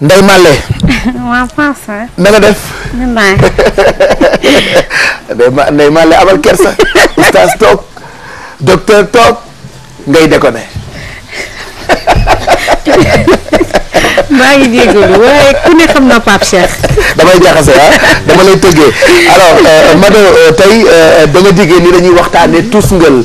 Ndeye Malle. waaw Paa na nga def. naay. Ndeye Ma Ndeye Malle amal kersa. oustaz toog docteur toog ngay maa ngi jégalu waaye ku ne xam na Pape Cheikh. damay jaxase ah dama lay tëggee alors euh, Mado euh, tey euh, da nga déggee ni dañuy waxtaanee Tusngal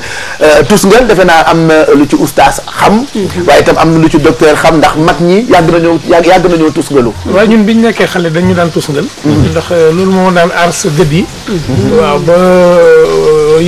Tusngal defe naa am na lu ci ustaas xam. Mhm. waaye itam am na lu ci docteur xam ndax mag ñi yàgg nañoo yàgg nañoo Tusngalu. waaw ñun bi biñ nekkee xale dañu daan Tusngal. Mhm. ndax loolu moo daan aar sa gët yi. Mhm. waaw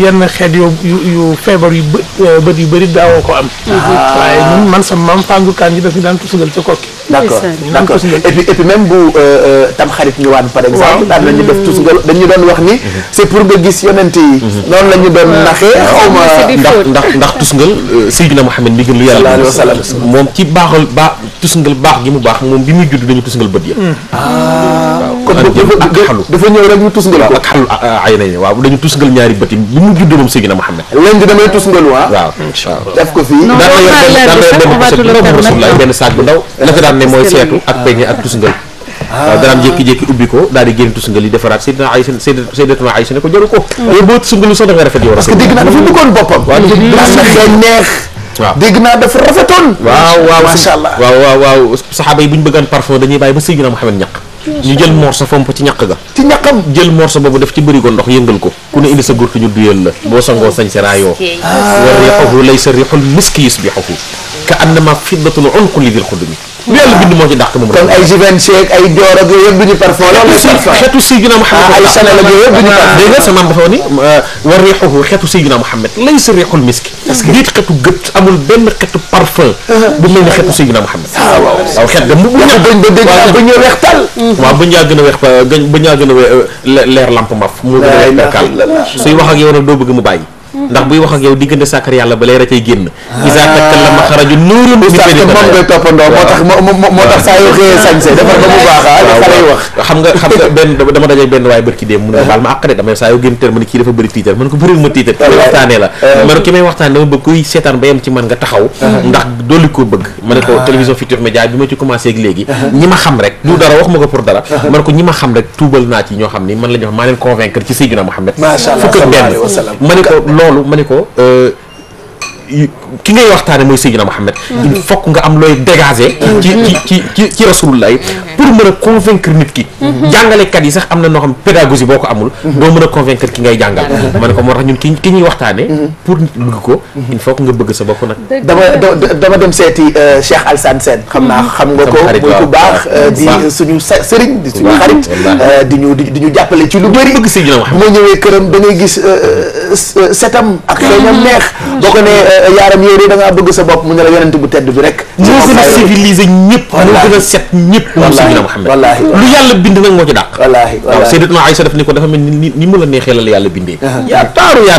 yenn xeet yu yu feebar yu euh, bët yu bëri daawoo ko am. Ah. waaye man man sama maam fàngukaan yi daf ñu daan tusugal ca kokki. d'accord d'accord et puis et puis même bu euh, euh, tam xarit ñëwaan par exemple. daan nañu def tusugal dañu doon wax ni. Mhm. c'est pour nga gis yonent yi. Mhm. ñu doon naxee xaw ma. ndax ndax ndax tusugal Seydina Mouhamed mi gën lu yàlla. sallallahu alayhi wa sallam moom ci gi mu baax moom bi muy judd dañu tusugal bët ya. Hmm. Ah. waaw kon dafa ñëw rek ñu tusugal ko ak xalu ay nañu waaw dañu tusugal ñaari bët yi judd moom Seydina Mouhamed. leen di damay tus nga lu waaw. waaw def ko fii. non benn saag bu ndaw. la ko daan ne mooy seetu ak peñe ak tusngal ah. waaw danaam jékki-jékki ubbi ko daal di génn tusungal yi defaraat Seydina Aysa Seydatuna Aysa ne ko jaru ko mm. yow boo tusungal sax da nga rafet yow parce que dégg naa dafa bëggoon boppam waaw neex waaw dégg naa dafa rafetoon waaw waaw macha allah waaw waaw waaw saxaaba yi bu ñu bëggaan parfum dañuy bàyyi ba Seydina Muhammad ñaq ñu jël morso fomp ci ñaq ga ci ñaqam jël morso boobu def ci bërigo ndox yëngal ko ku ne indi sa gurtu ñu duyal la boo sangoo sañ si raayoo ah. wa riixuhu laysa riixul miski yusbixuhu ka annama fiddatul unqu li dil xudumi lu yàlla bind moo ci dàq moom kon ay Givenchy ak ay Dior ak yooyu yëpp duñu parfum xeetu Sayyidina Muhammad ah, ay Chanel ak yooyu yëpp duñu ah, parfum dégg nga sa maam dafa ni wa riixuhu xeetu Sayyidina Muhammad laysa riixul miski parce que nit xetu gët amul benn xetu parfum. bu mel ni xetu Seydina Mouhamed. ah waaw waaw xet dem bu bu ñëw ba ñëw weex tal. waaw ba ñaa gën a weex ba ñaa gën a leer lamp mbaf. moo gën a weex perkaal suy wax ak yow nag doo bëgg mu bàyyi. ndax buy wax ak yow diggante sàkkar yàlla ba leer a cay génn ah. isa takallama xaraju nuurun moom ngay toppandoo moo tax moo tax saa yoo xëyee sañse defar ba mu baax a xale yi wax nga xam nga benn dama dajeeg benn waay bërki dee mu ne baal ma àq de dama saa yoo génn teel ma ne kii dafa bëri tiitar man ko bëril ma tiitar ki may ah. ne bëgg kuy seetaan ba yem ci man nga taxaw ah. ndax dolli ko bëgg ma ne ko télévision Futurs Médias bi ma ci commencé ak léegi ñi ma xam rek du dara wax ma ko pour dara ma ne ko ñi ma xam rek tuubal naa ci ñoo xam ni man la ñu ma ne ko loolu ma ni ko euh, ki ngay waxtaane mooy Seydina Mohamed mm-hmm. il faut nga am looy dégager mm-hmm. ci ci ci ci rasulullah yi mm-hmm. pour mën a convaincre nit ki jàngalekat yi sax am na noo xam pédagogie boo ko amul doo mën a convaincre ki ngay jàngal ma ne ko moo tax ñun ki ki ñuy waxtaane pour nit bëgg nga bëgg sa bopp nag dama dama dem seeti euh, Cheikh Alassane Sène xam naa xam nga ko muy ku baax euh, di suñu sëriñ di suñu xarit euh, di ñu di ñu jàppale ci lu bëri bëgg Seydina Mohamed moo ñëwee këram da ngay gis setam ak xëy na neex boo ko ne naan yow de da ngaa bëgg sa bopp mu ne la yonent bu tedd bi rek. moo gën a civilisé ñëpp. wallaahi moo gën a set ñëpp. moom Seydina la neexee la yàlla bindee. yaa taaru yaa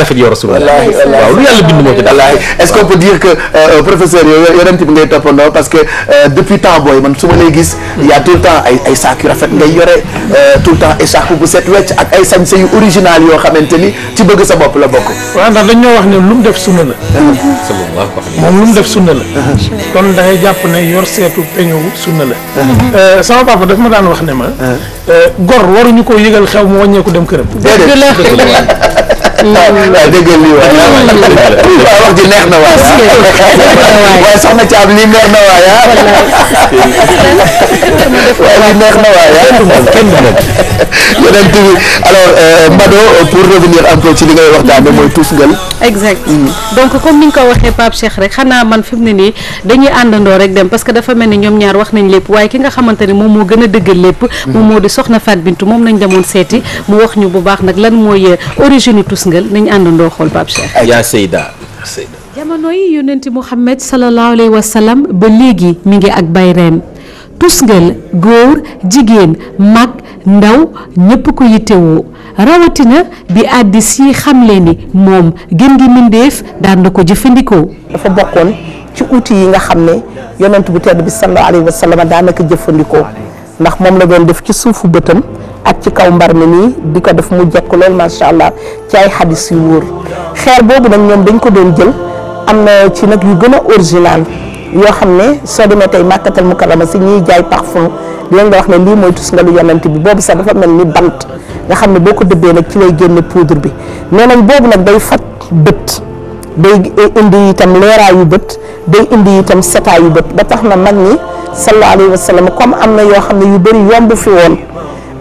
a tout euh, bëgg sa bopp la bokk. waaw ne lu mu def sunna moom lu mu def sunna la kon da jàpp ne yor seetu peñowu sunna la euh, sama papa daf ma daan wax ne ma euh. Euh, gor waruñu ko yëgal xew mu wàññeeku dem këram waaw dégg nga lii waay waaw wax ji neex na waay. Ah. waaye soxna Thiam lii neex na waay ah. waaye lii neex na waay ah. yeneen tuuti alors euh, Mbado pour revenir un peu ci li ngay waxtaanee mm-hmm. mooy Tuusngal. exact mm. donc comme ni nga ko waxee Pape Cheikh rek xanaa man fi mu nii dañuy àndandoo rek dem parce que dafa mel ñoom ñaar wax nañ lépp waaye ki nga xamante ne moom moo gën a dëggal lépp. Mm. moom moo di soxna Fatou Bintou moom lañ demoon seeti mu wax ñu bu baax nag lan mooy euh, origine Tuusngal ngal nañu àndandoo xool Pape Cheikh. yaa Seyda Seyda. jamono yi yonenti Mouhamed sallallahu alayhi wa sallam ba léegi mu ngi ak bayreem tusngal góor jigéen mag ndaw ñépp ko yittewoo rawatina bi àddis yi xamle ni moom gën gi mbindeef daan na ko jëfandikoo. dafa bokkoon ci outil yi nga xam ne yonent bu tedd bi sallallahu alayhi wa sallam daanaka jëfandikoo ndax moom la doon def ci suufu bëtam. ak ci kaw mbar mi nii di ko def mu jekk lool macha allah ci ay xadis yu wóor xeer boobu nag ñoom dañ ko doon jël am na ci nag yu gën a original yoo xam ne soo demee tey màkkatal mukarama si ñuy jaay parfum dinañ nga wax ne lii mooy tus nga lu yonent bi boobu sax dafa mel ni bant nga xam ne boo ko dëbbee nag ci lay génne poudre bi nee nañ boobu nag day faj bët day indi itam leeraayu bët day indi itam setaayu bët da tax na mag ñi sallallahu alayhi wa sallam comme am na yoo xam ne yu bëri yomb fi woon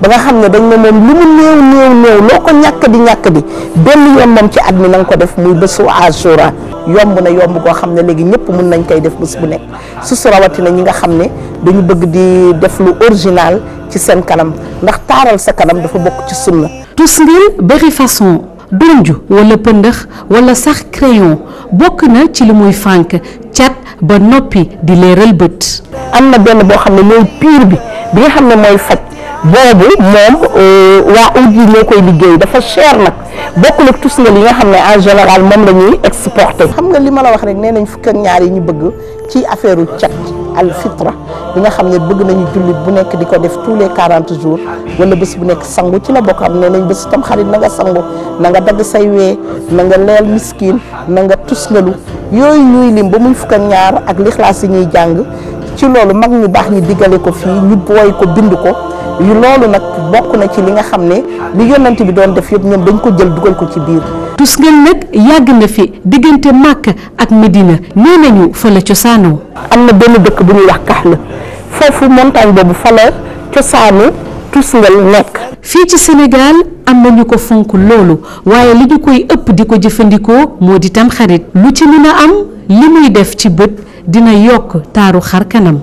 ba nga xam ne dañ ne moom lu mu néew néew néew loo ko ñàkk di ñàkk di benn yoon moom ci at na nga ko def muy bésu Ashura yomb na yomb koo xam ne léegi ñëpp mun nañ koy def bés bu nekk su su rawatina ñi nga xam ne dañu bëgg di def lu original ci seen kanam ndax taaral sa kanam dafa bokk ci sunna tusnil bëri façon donju wala pëndëx wala sax crayon bokk na ci li muy fànk cat ba noppi di leeral bët am na benn boo xam ne mooy piir bi bi nga xam ne mooy boobu moom euh, waa août yi ñoo koy liggéey dafa cher nag bokkul ak tusngal yi nga xam ne en général moom la ñuy exporté. xam nga li ma la wax rek nee nañ fukk ñaar yi ñu bëgg ci affaire cat al fitra bi nga xam ne bëgg nañu jullit bu nekk di ko def tous les quarante jours wala bés bu nekk sangu ci la bokk am nee nañ bés itam xarit na nga sangu na nga dagg say wee na nga leel miskin na nga tusngalu yooyu ñuy lim ba muy fukk ñaar ak lixlaas yi ñuy jàng ci loolu mag ñu baax ñi diggale ko fii ko bind ko. yu loolu nag bokk na ci li nga xam ne li yonent bi doon def yëpp ñoom dañ ko jël dugal ko ci biir tusngal nag yàgg na fi diggante Màkk ak Medina nee nañu fa la cosaanoo am na benn dëkk bu ñuy wax Kaxla foofu montagne boobu fa la cosaanu tusngal nekk fii ci Sénégal am nañu ko fonk loolu waaye li ñu koy ëpp di ko jëfandikoo moo di tam xarit lu ci mën a am li muy def ci bët dina yokk taaru xar kanam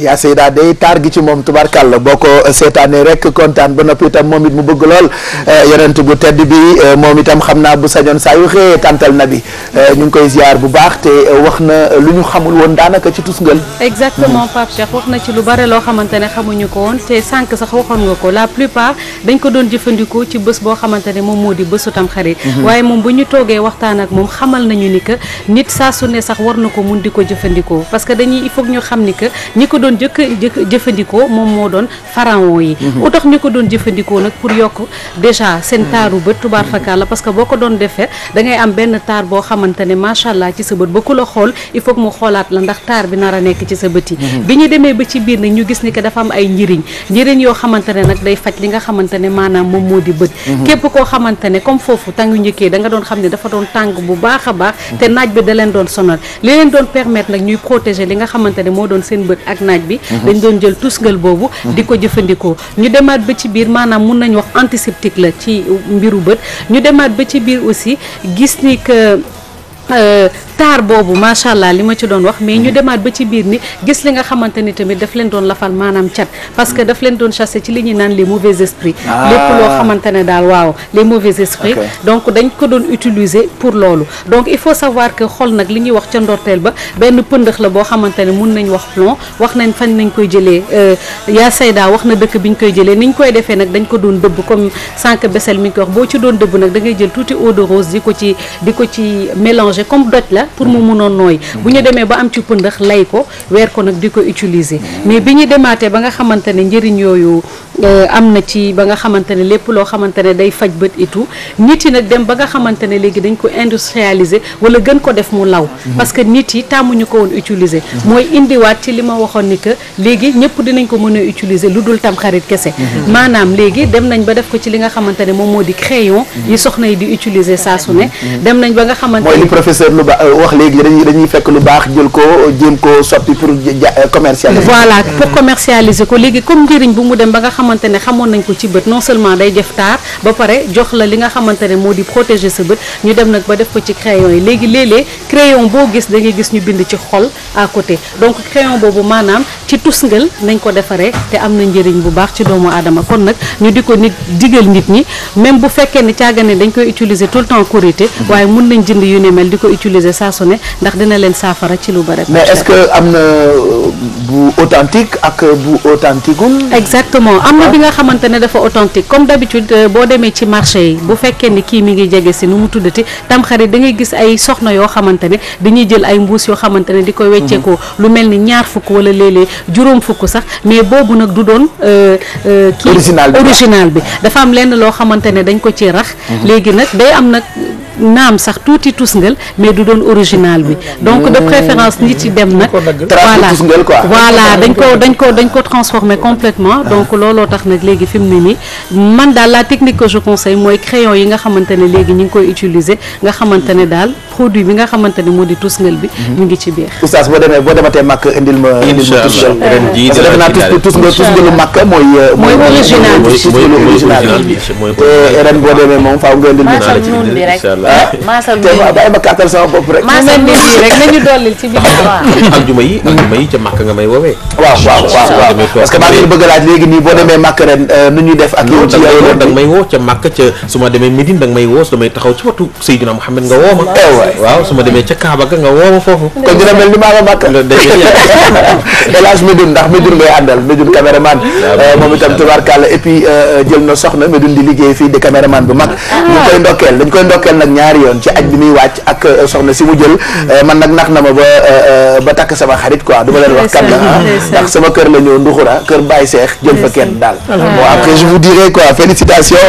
yaa Seyda day taar gi ci moom tubarkàlla boo ko eh, seetaanee rek kontaan ba noppi itam moom it mu bëgg lool eh, yonent bu tedd bi eh, moom itam xam naa bu sañoon saa yu na ñu ngi koy ziar bu baax te wax na lu ñu xamul woon daanaka ci tusngal exactement Pape Cheikh wax na ci lu bare loo xamante ne xamuñu ko woon te sànq sax waxoon nga ko la plupart dañ ko doon jëfandikoo ci bés boo xamante ne moom moo di bésu Tamxarit mhm. waaye moom bu ñu toogee waxtaan ak moom xamal nañu ni que nit saa su sax war na ko mun di ko jëfandikoo parce que dañuy il faut ñu xam ni que doon jëkk jëkk jëfandikoo moom moo doon pharaon yi mhm. tax ñu ko doon jëfandikoo nag pour yokk déjà seen mhm. taaru bët tubaar fakkaar la parce que boo ko doon defee da ngay am benn taar boo xamante ne macha allah ci sa bët ba ku xool il faut mu xoolaat la ndax taar bi nar a nekk ci sa bët yi mhm. bi ñu demee ba ci biir nag ñu gis ni que dafa am ay njëriñ njëriñ yoo xamante ne nag day faj li nga xamante ne maanaam moom moo di bët képp koo xamante ne comme foofu tàngu njëkkee da nga doon xam ne dafa doon tàng bu baax a baax te naaj bi da leen doon sonal li leen doon permettre nag ñuy protéger li nga xamante ne moo doon seen bët ak naaj naaj bi dañ doon jël tusngal boobu di ko jëfandikoo ñu demaat ba ci biir maanaam mun nañ wax antiseptique la ci mbiru bët ñu demaat ba ci biir aussi gis ni que Euh, taar boobu macha allah li ma ci doon wax mais ñu demaat ba ci biir ni gis li nga xamante ni tamit daf leen doon lafal maanaam cat parce que daf leen doon chasser ci li ñuy naan les mauvais esprits ah. lépp loo xamante ne daal waaw les mauvais esprits donc dañ ko doon utiliser pour loolu donc il faut savoir que xol nag li ñuy wax ca ndorteel ba benn pëndëx la boo xamante ne mun nañ wax plomb wax nañ fan nañ koy jëlee euh, yaa sayda wax na dëkk bi ñu koy jëlee ni ñu koy defee nag dañ ko doon dëbb comme sànq besel mi ngi koy wax boo ci doon dëbb nag da ngay jël tuuti eau de di ko ci di ko ci mélange allongé comme doj la pour mu mun a nooy bu ñu demee ba am ci pëndëx lay ko weer ko nag di ko utiliser mm. mais bi ñuy demaatee ba nga xamante ne njëriñ yooyu Euh, am na ci ba nga xamante ne lépp loo xamante ne day faj bët et tout nit yi nag dem ba nga xamante ne léegi dañ ko industrialiser wala gën ko def mu law mhm. parce que nit yi tàmmuñu ko woon utiliser mhm. mooy indiwaat ci li ma waxoon ni que léegi ñëpp dinañ ko mën a utiliser lu dul tam xarit kese mhm. maanaam léegi dem nañ ba def ko ci li nga xamante ne moom moo di crayon yi soxna yi di utiliser saa ne dem nañ ba nga xamante ne mooy li professeur lu baax euh, wax léegi dañuy dañuy lu baax jël ko jéem ko soppi pour commercialiser voilà pour commercialiser xamante ne xamoon nañ ko ci bët non seulement day def taar ba pare jox la li nga xamante ne moo di protéger sa bët ñu dem nag ba def ko ci crayon yi léegi léeg-léeg crayon boo gis da ngay gis ñu bind ci xol à côté donc crayon boobu maanaam ci tusngal nañ ko defaree te am na njëriñ bu baax ci doomu aadama kon nag ñu di ko nit digal nit ñi même bu fekkee ne càggane dañ koy utiliser tout le temps korité waaye mun nañ jënd yu ne mel di ko utiliser saa su ne ndax dina leen bu authentique ak bu authentiqueul exactement am na ah. bi nga xamante ne dafa authentique comme d'habitude euh, boo demee ci marché yi bu fekkee ni kii mi ngi jege si nu mu tuddati tamxarit da ngay gis ay soxna yoo xamante ne dañuy jël ay mbuus yoo xamante ne di koy wecceekoo mhm. lu mel ni ñaar fukk wala léeg-léeg juróom fukk sax mais boobu nag du doon euh, euh, kii original bi dafa am lenn loo xamante ne dañ ko ci rax mhm. léegi nag day am nag naam sax tuuti tusngal mais du doon original bi donc de préférence nit yi dem nag voilà voilà dañ ko dañ ko dañ ko transformer complètement ah. donc looloo tax nag léegi fi mu ne nii man daal la technique que je conseille mooy crayon yi nga xamante ne léegi ñu ngi koy utiliser nga xamante ne daal produit bi nga xamante ne moo di tusngal bi mhm. mu ngi ci biir oustaz boo demee boo dematee màkk indil ma indil ma tusngal euh, parce que def naa tusngal tusngalu màkk euh, mooy mooy original bi tusngalu original bi te ren boo demee moom faaw ma Ah, maasal bi ma bàyyi ma kàttal sama bopp rek. maasal bi rek nañu dollil ci biir waaw. aljuma yi aljuma yi ca màkk nga may woowee. waaw waaw waaw parce que maa ngi euh, nga may woo su ma demee Médine da nga may woo su damay taxaw ci watu Seydina Mouhamed nga woo ma. Eh waaw su ma demee ca Kaaba nga woo ma foofu. kon dina mel ni maa nga màkk. hélas Médine ndax Médine ngay àndal Médine caméraman euh, moom itam tubaarkàlla et puis euh, jël na soxna Médine di liggéey fii de caméraman bu mag ah. ñu koy ndokkeel ñaari yoon ci aj bi muy wàcc ak euh, soxna si mu jël mm. euh, man nag nax na ma ba euh, ba takk sama xarit quoi du ma leen wax kan la ah. ndax sama kër la ñëw nduxura kër Baye Seex jël fa kenn daal bon après je vous dirai quoi félicitations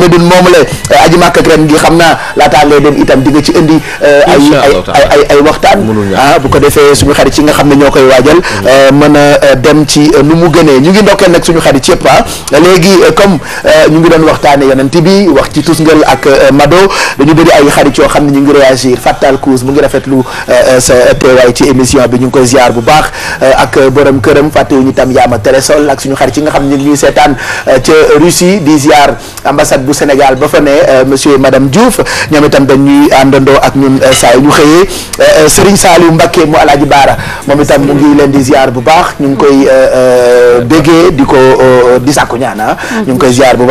Médoune moom la aji màkk ak gi xam naa laataa ngay dem itam di nga ci indi ay ay ay ay waxtaan ah bu ko defee suñu xarit yi nga xam ne ñoo koy waajal mën a dem ci nu mu gënee ñu ngi ndokkeel nag suñu xarit yëpp ah léegi comme ñu ngi doon waxtaane yonent bi wax ci tusngal ak mado dañu bëri ay xarit yoo xam ne ñu ngi réagir Fatal Kouz mu ngi rafetlu euh, euh, sa teewaay ci émission bi ñu ngi koy ziar bu baax euh, ak bërëm këram fàtte fàttewuñu tam yaama Térésol ak suñu xarit yi nga xam ne ñu ngi ñuy seetaan ca Russie di ziar ambassade bu Sénégal ba fa ne monsieur et madame Diouf ñoom itam dañuy àndandoo ak ñun saa yu ñu xëyee Serigne Saliou Mbacké mu Alaaji Baara moom itam mu ngi leen di ziar bu baax ñu ngi koy déggee di ko di sàkku ñaan ah. mm-hmm. ñu ngi koy ziar bu